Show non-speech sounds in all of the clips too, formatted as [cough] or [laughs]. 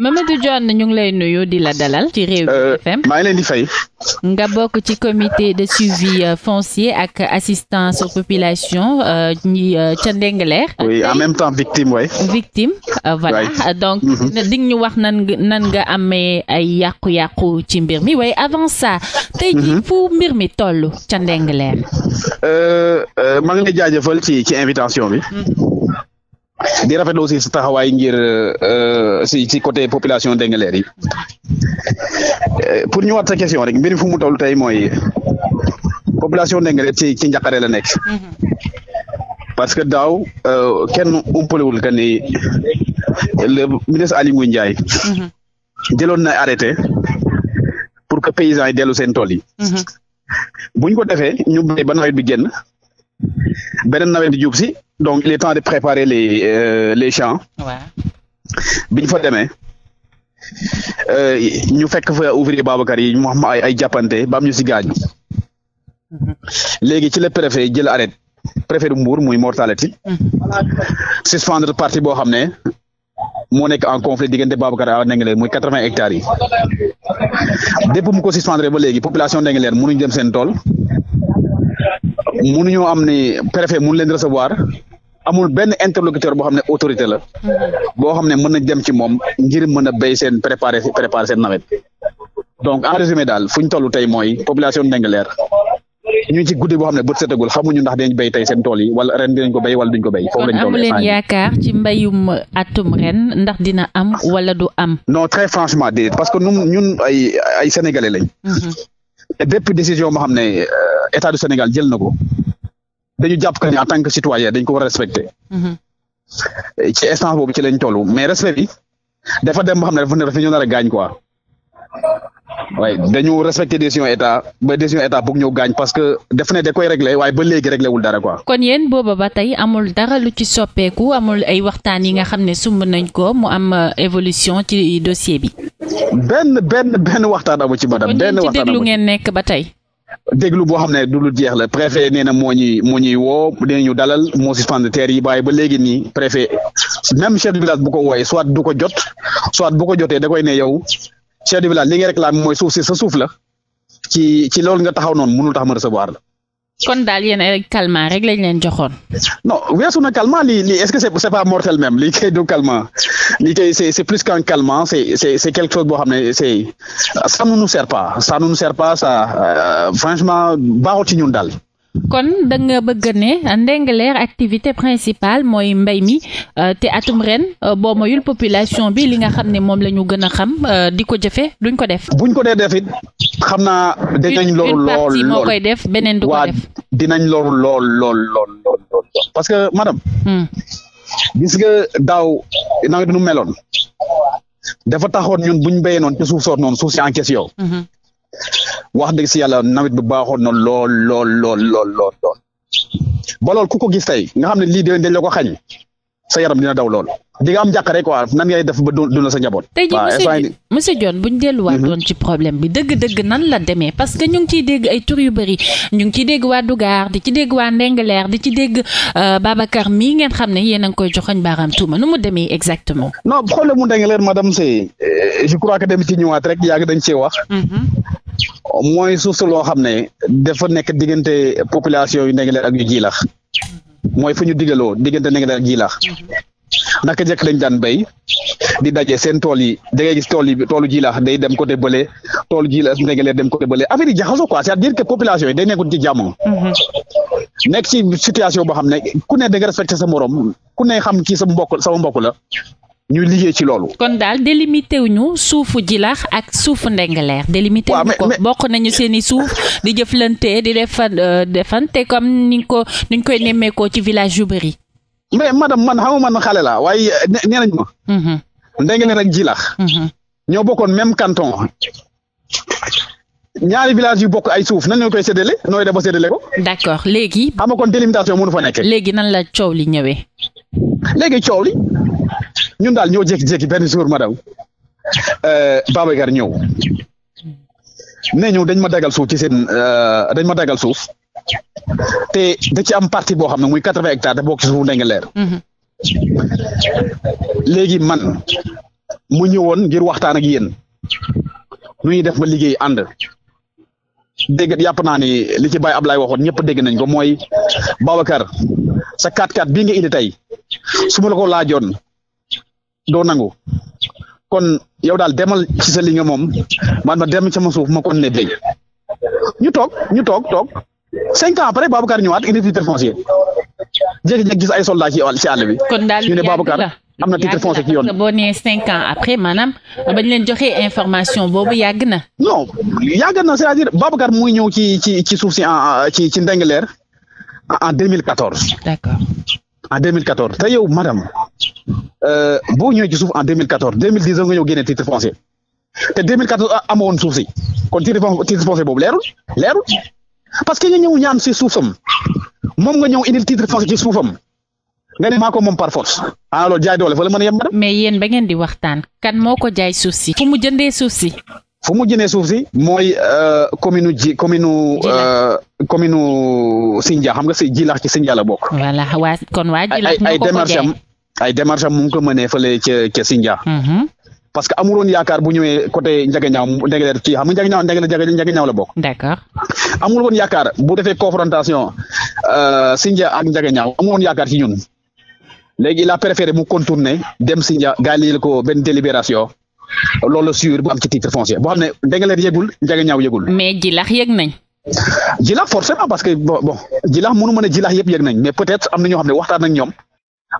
Mamadou Dione ñu ngi lay nuyu di la dalal ci Rewmi euh, FM maa ngi leen di fay. nga bokk ci comité de suivi euh, foncier ak assistance aux populations euh, ñi ca Ndingler. oui en même temps victime victime voilà donc. Mhm. di ñu wax nan nga nan amee ay yàqu-yàqu ci mbir mi waaye avant ça. tey mhm. fu mbir mi toll ca Ndingler. maa ngi lay jaajëfal ci ci invitation bi. Mhm. di rafetlu aussi sa taxawaay ngir euh, si ci côté population Dengaleer yi euh, pour ñu waat sa question rek mbir fu mu toll tey mooy population Dengaleer ci ci la nekk mm-hmm. parce que daaw euh, kenn umpalewul que ni le ministre Aly Ngouille Ndiaye mm-hmm. jëloon na arrêté pour que paysans yi dellu seen tool yi mm-hmm. buñ ko defee ñu ba nawet bi génn beneen nawet di donc il est temps de préparer le euh, les champs. waaw bi ñu fa demee euh, ñu fekk fa ouvrier Babacar yi mu xam ay ay jàppante ba ñu si gaañu. Mhm. léegi ci la préfet jël arrêt préfet du Mbour muy mortalité. Mhm. suspendre parti boo xam ne moo nekk en conflit diggante Babacar ak Ndingler muy quatre vingt hectares yi depuis mu ko suspendre ba léegi population Ndingler mënuñ dem seen tool mënuñoo am ni préfet mënu leen recevoir. amul benn interlocuteur boo xam ne autorité la boo xam ne mën na dem ci moom ngir mën a béy seen préparer préparer seen nawet donc en résumé daal fu ñu toll tey mooy population Ndingler ñu ci guddi boo xam ne bët setagul xamuñu ndax dinañ béy tey seen tool yi wala ren ko béy wala duñ ko béy. foofu lañ toll amu leen yaakaar ci mbéyum atum ren ndax dina am wala du am. no très franchement déedéet parce que ñun ñun ay ay sénégalais lañ. Mhm. te bépp décision boo xam ne euh, état du Sénégal jël na ko. dañu jàpp ka ni en tant que citoyen dañ ko war mhm. ci instance boobu ci lañ toll mais respect bi dafa dem ba xam ne dafa ne dafa ñu nar a gaañ quoi. waaye dañu respecté décision état ba décision état bëgg ñëw gaañ parce que def ne da koy réglé waaye ba léegi réglé wul dara quoi. kon yéen booba ba tey amul dara lu ci soppeeku amul ay waxtaan yi nga xam ne sumb nañ ko mu am euh, évolution ci dossier bi. benn benn benn waxtaan amu ci madame. benn waxtaan amu ci déglu ngeen nekk ba tey. déglu boo xam ne du lu jeex la préfet nee na moo ñuy moo ñuy woo dinañu dalal moo suspendre terre yi waaye ba léegi nii préfet même chef de village bu ko wooyee soit du ko jot soit bu ko jotee da koy ne yow chef de village li rek réclamé mooy suuf si sa suuf la ci ci loolu nga taxaw noonu mënul tax ma recevoir la kon daal yéen ay calmant rek lañ joxoon. non weesu na calmant lii lii est-ce que c'est c'est pas mortel même lii kay du calmant lii kay c'est plus qu'un calmant c'est quelque chose boo xam ne c'est ça ne nous sert pas ça ne nous sert pas ça euh, franchement baaxul daal. kon da nga bëgg ne Ndingler activité principale mooy mbay mi euh, te atum ren euh, boo mayul population bi li nga xam ne moom la ñu gën a xam euh, di ko jëfe duñ ko def. buñ ko dee def it xam naa dinañ loru lool lool def beneen du ko def lool lool lool lool parce que madame. Hmm. gis nga daaw nawet nu meloon. dafa taxoon ñun buñ béyee noonu ci suuf soot noonu suuf si en question. Hmm. wax dëgg si yàlla nawet bi baaxoon na lool lool lool lool lool lool ba lool ku ko gis tey nga xam ne lii déwén dañ la ko xañ sa yaram dina daw lool di nga am jàqare quoi nan ngay def ba dund sa njaboot. tey jii monsieur monsieur Dione bu ñu delluwaatoon mhm. ci problème bi dëgg-dëgg nan la demee que ñu ngi ciy dégg ay tur yu bëri ñu ngi ciy dégg waa Dougar di ci dégg waa Ndengler di ci dégg euh, Babacar mii ngeen xam ne yéen a ngi koy joxoñ baaraam tuuma nu mu demee exactement. non problème mu Ndengler madame Seye euh, je crois que dem ci ñëwaat rek yàgg dañ cee wax. Mhm. mooy suuf sa loo xam ne dafa nekk diggante population yu Ndingler ak yu Jilax mooy fu ñu digaloo diggante Ndingler ak Jilax naka jëkk dañ daan bay di daje seen tool yi da ngay gis tool yi toolu Jilax day dem côté bële toolu Jilax Ndingler dem côté bële affaire yi jaxasoo quoi c'est-à-dire que yi day nekkul ci jàmm nekk ci situation boo xam ne ku ne da nga respecté sa morom ku ne xam kii sa mbokk sa mbokk la ñu liggéey ci loolu. kon daal délimité wu ñu suufu Jilax ak suufu Ndengeleer. délimité wu ñu ko bokk nañu seen suuf di jëflante di defa euh, defante comme ni ko ni ñu koy nemmeekoo ci village yu bëri. mais madame man xam man xale la waaye euh, nee nañ ma. Mm-hmm. Ndengeleer ak Jilax. Mm-hmm. ñoo bokkoon même canton. ñaari village yu bokk ay suuf nan ñoo koy séddale nooy def ba séddale ko. d'accord léegi. xam nga kon délimitation mënu fa nekk. léegi nan la coow li ñëwee. léegi coow li. ñun daal ñoo jékki-jékki benn jour ma daw euh, babakar ñëw ne ñu dañ ma dagal suuf ci seen euh, dañ ma dagal suuf te da ci am partie boo xam ne muy quatre-vingts hectares da bokk ci suufu Ndingler mm-hmm. léegi man mu ñëwoon ngir waxtaan ak yéen nu ñuy def ba liggéey ànd dégg yàpp naa ni li ci Baye Ablaye waxoon ñëpp dégg nañ ko mooy Babacar sa 4 bii nga indi tey su ma la ko laajoon doo nangu kon yow daal demal ci sa li nga moom man ma dem ma suuf ma kon ne béy ñu toog ñu toog toog cinq ans après Babacar ñëwaat indi titre foncier jékki-jékki gis ay soldats ci ci àll bi. kon daal ñu ne Babacar am na titre foncier ci yoon boo nee cinq ans après maanaam bañ leen joxe information boobu yàgg na. non yàgg na c'est-à-dire Babacar muy ñëw ci ci ci suuf si en ci ci Ndengler en 2014. d'accord en 2014 te yow madame euh, boo ñëwee ci suuf en a 2010 nga ñëw génne titre foncier te 2014 amoon suuf si kon titre foncier boobu leerul leerul parce que nga ñëw ñaan si suufam moom nga ñëw indil titre foncier ci suufam nga ne maa ko par force ah loolu jaay doole fa la mën a yem mais yéen ba ngeen di waxtaan kan moo ko jaay suuf si fu mu jëndee suuf si. fu mu jëlee suuf si mooy euh, commune uh, ji commune uh, commune Sindia xam nga si Jilax ci Sindia la bokk. voilà waa kon ay démarche am ay démarche am ko mënee fële ca ca Sindia. Mhm. parce que amuloon yaakaar bu ñëwee côté Ndiaganiao Ndegeleer ci xam nga Ndiaganiao Ndegeleer Ndiaganiao la bokk. d'accord amul woon yaakaar bu defee confrontation uh, Sindia ak Ndiaganiao amul woon yaakaar ci ñun léegi il mu contourner dem Sindia gaa yi ko benn délibération. loolu la sur bu am boo xam ne Ndingler yëgul Ndiaganiao yëgul. mais Djilakh yëg nañ. Djilakh forcément parce que bon bon Djilakh ne Djilakh yëpp yëg nañ mais peut-être am na ñoo xam ne waxtaan ak ñoom.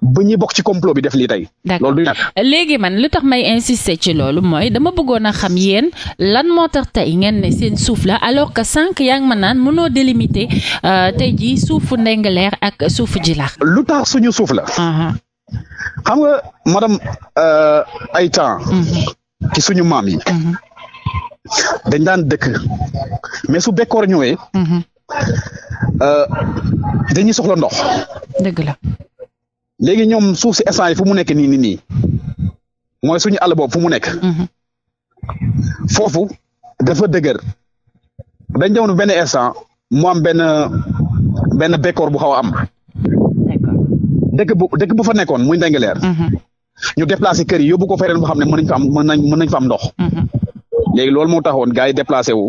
ba ñuy bokk ci complot bi def lii tey. d'accord loolu du ñàkk. léegi man lu tax may insister ci loolu mooy dama bëggoon a xam yéen lan moo tax tey ngeen ne seen suuf la alors que sànq yaa ngi ma naan mënoo délimiter euh, tey jii suufu Ndingler ak suufu Djilakh. lu tax suñu suuf la. Uh-huh. xam nga madame euh, Aïta. Mm-hmm. ci suñu maam yi. Mm-hmm. dañ daan dëkk mais su bekkoor ñëwee. Mm-hmm. Euh, dañuy soxla ndox. dëgg la. ñoom suuf si instant yi fu mu nekk nii nii nii mooy suñu àll boobu fu mu nekk. Mm-hmm. foofu dafa dëgër dañ doon benn instant mu am benn benn bekkoor bu xaw a am. dëkk bu dëkk bu fa nekkoon muy Ndingler. ñu déplacé kër yi yóbbu ko feneen foo xam ne mën nañ fa am mën nañ mën nañ ndox mhm. léegi loolu moo taxoon gars yi déplacé wu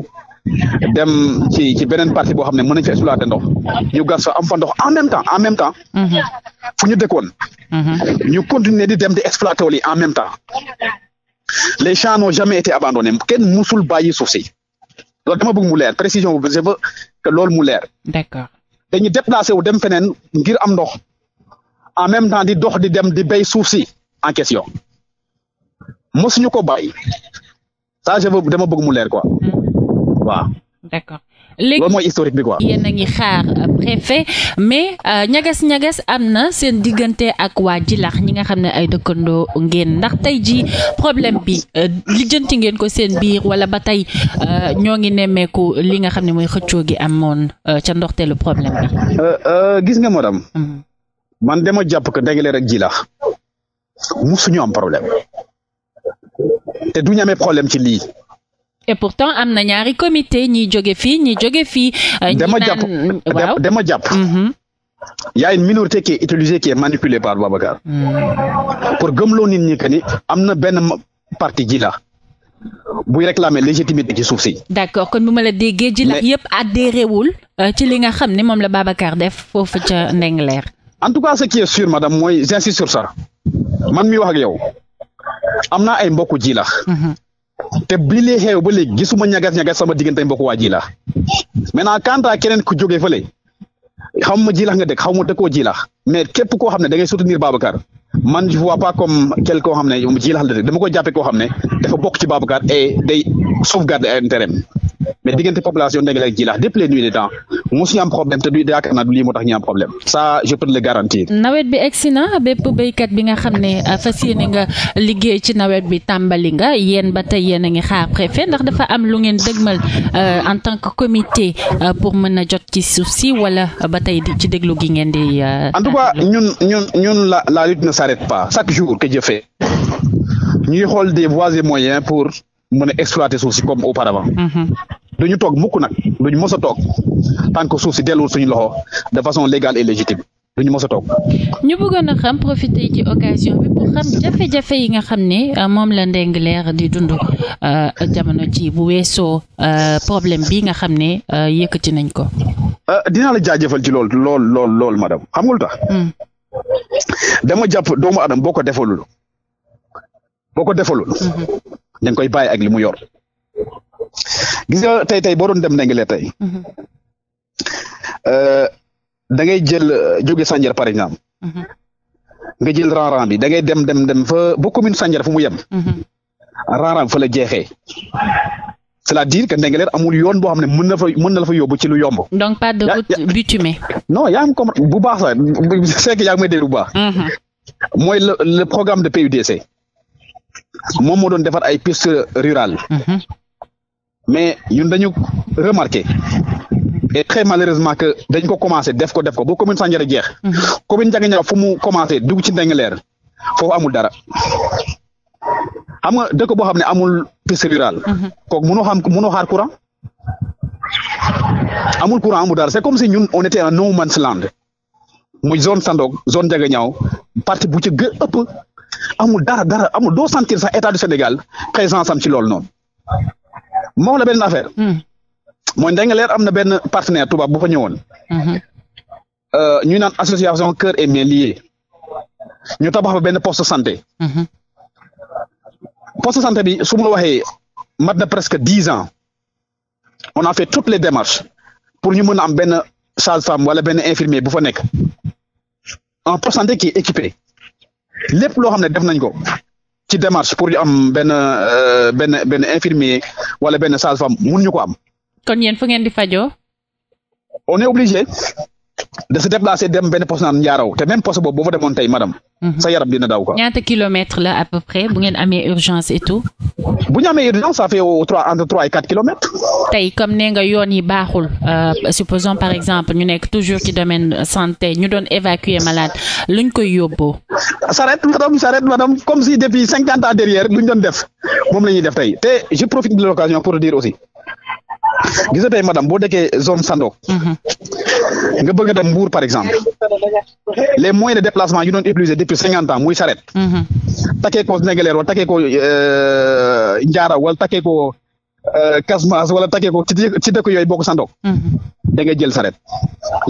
dem ci ci beneen partie boo xam ne mën nañ fa exploité ndox ñu gas fa am fa ndox en même temps en même temps mhm. ñu dëkkoon mhm. ñu continuer di dem di exploité yi en même temps les champs n'ont jamais été abandonnés kenn musul bàyyi suuf si lool dama bëgg mu leer précision je veux que loolu mu leer d'accord dañu déplacé wu dem feneen ngir am ndox en même temps di dox di dem di béy suuf si en question mosuñu ko bàyyi ça je veux dama bëgg mu leer quoi mm-hmm. waaw. d'accord léegi loolu mooy bi quoi. a ngi xaar préfet mais ñagas-ñagas euh, am na seen diggante ak waa Jilax ñi nga xam ne ay dëkkandoo ngeen ndax tey jii problème bi euh, lijjanti ngeen ko seen biir wala ba tey euh, ñoo ngi nemmeeku li nga xam ne mooy xëccoo gi am moon ca ndoxteelu problème bi. gis nga madame. Mm-hmm. man dama jàpp que Dengler ak Jilax musuñu am problème te du ñu problème ci lii. et pourtant am na ñaari comité ñi jóge fii ñi jóge fii. Euh, dama jàpp waaw dama jàpp. Il mm-hmm. y a une minorité qui est utilisée qui est par Babacar. Mm. pour gëmloo nit ñi que ni am na benn parti ji la buy réclamer légitimité ci suuf si. d'accord kon bu ma la déggee. ji la yëpp adhéré euh, ci li nga xam ne moom la Babacar def foofu ca Ndingler. en tout cas ce qui est sûr madame mooy j'insiste sur ça. man mi wax ak yow am naa ay mbokku jiila mhm. te bi lii xew ba léegi gisuma ñagas ñagas sama diggante mbokku waa jiila maintenant quant à keneen ku jógee fële xaw ma jiila nga dëkk xaw ma dëkkoo jiila mais képp koo xam ne da ngay soutenir Babacar man je vois pas comme quel koo xam ne jiila la dëkk dama ko jàppee koo xam ne dafa bokk ci Babacar et day sauvegarder ay intérêt mais diggante population Ndingler ak Djilakh depuis les nuits des temps mosu ñu am problème te du yaakaar naa du lii moo tax ñu problème ça je peux le garantir. nawet bi egsi na bépp béykat bi nga xam ne euh, fas yéene nga liggéey ci nawet bi tàmbali nga yéen ba tey yéen a ngi xaar fe ndax dafa am lu ngeen dëgmal euh, en tant que comité euh, pour mën a jot ci suuf si wala ba tey ci déglu gi ngeen di. en tout cas ñun la la lutte ne s'arrête pas chaque jour que je ñuy xool des pour. mën a exploiter suuf si comme auparavant. Mhm. du ñu toog mukk nag du ñu mos a toog tant que suuf si delluwul suñu loxo de façon légale et légitime du ñu mos a toog. ñu bëggoon a xam profiter ci occasion bi pour xam jafe-jafe nga xam ne euh, moom la Ndingler di dund euh, jamono ji bu weesoo euh, problème bi nga xam ne yëkkati nañ ko. dinaa la jaajëfal ci lool lool lool lool madame xam hmm. dama jàpp doomu adam boo defalul boo defalul. Hmm. da nga koy bàyyi ak li mu yor gis nga tey tey boo doon dem Ndingler tey mhm. euh, da ngay jël euh, jóge Sandiara par exemple mhm. nga jël ranran bi da ngay dem dem dem fa ba commune Sandiara fu mu yem mhm. ranran fa la jeexee c'est-à-dire que Ndingler amul yoon boo xam ne mën na fa mën la fa yóbbu ci lu yomb. donc pas de route bitumée. non yaa ngi comprendre bu baax sax c'est que yaa ngi baax. mooy le programme de PUDC. moom moo doon defar ay piste rurale mhm. mais ñun dañu remarqué et très malheureusement que dañ ko commencé def ko def ko ba commune Sandiara jeex mhm. commune Ndiaganiao fu mu commencé dugg ci Ndingler foofu amul dara xam nga dëkk ne amul piste rurale mhm. kooku mënoo xam mënoo xaar courant amul courant dara c'est comme si ñun on était en no man's land zone Sandok zone Ndiaganiao partie bu ci ëpp amul dara dara amul doo sentir sax état du Sénégal présence am ci loolu noonu moo la benn affaire. Hmm. mooy Ndingler am na benn partenaire tubaab bu fa ñëwoon. Hmm. Euh, ñu naan association cœur et mains ñu tabax fa benn poste santé. Hmm. poste santé bi su ma waxee mat na presque dix ans on a fait toutes les démarches pour ñu mën a am benn sage-femme wala benn infirmier bu fa nekk en poste santé qui équipé lépp loo xam ne def nañ ko ci démarche pour ñu am benn euh, benn benn infirmier wala benn sage-femme mun ñu ko am. kon yéen fu ngeen di fajoo. on est obligé. da si déplacé dem benn poste naan njaaraw te même poste boobu boo fa demoon tey madame. Mhm. sa yaram dina daw quoi. ñaata kilomètres la à peu près bu ngeen amee urgence et tout. bu ñu amee urgence ça fait au trois entre trois et quatre kilomètres. tey comme nee nga yi baaxul euh, supposons par exemple ñu nekk toujours ci domaine santé ñu doon évacuer malade luñ koy yóbboo. saret madame saret madame comme si depuis cinquante ans derrière luñ doon def moom ñuy def tey te je profite de l'occasion pour gis nga tey madame boo dëkkee zone Sandock mhm. nga bëgg a dem Mbour par exemple les moyens de déplacement yu doon utiliser depuis cinquante ans muy charrette mhm. takkee ko Sénégalais wala takkee ko euh, Njaara wala takkee ko Euh, Casamance wala takkee ko ci ci dëkk yooyu boo ko sandoo mm-hmm. da ngay jël saret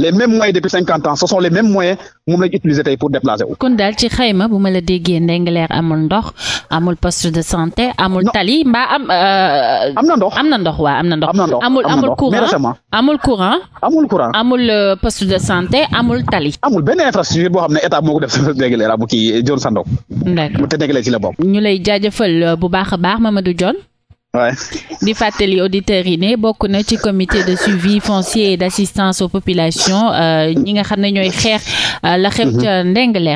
les mêmes moyens depuis cinquante ans ce sont les mêmes moyens moom lañu utiliser tey pour déplacer wu. kon ci xayma bu ma la déggee Ndingler leer amul ndox amul poste de santé amul tali mbaa am. Euh, am na ndox am na ndox waaw am na ndox. amul amul courant amul courant. amul courant euh, amul poste de santé amul tali. amul benn infrastructure boo xam ne état moo ko def [laughs] Ndingler leer amul kii John Sandock. d'accord mu te Ndingler ci la bokk. ñu lay jaajëfal bu baax di fàttali auditeurs yi ne bokk na ci comité de suivi foncier et d' assistance aux populations euh, ñi nga xam ne ñooy xeex euh, la xew ca Ndingler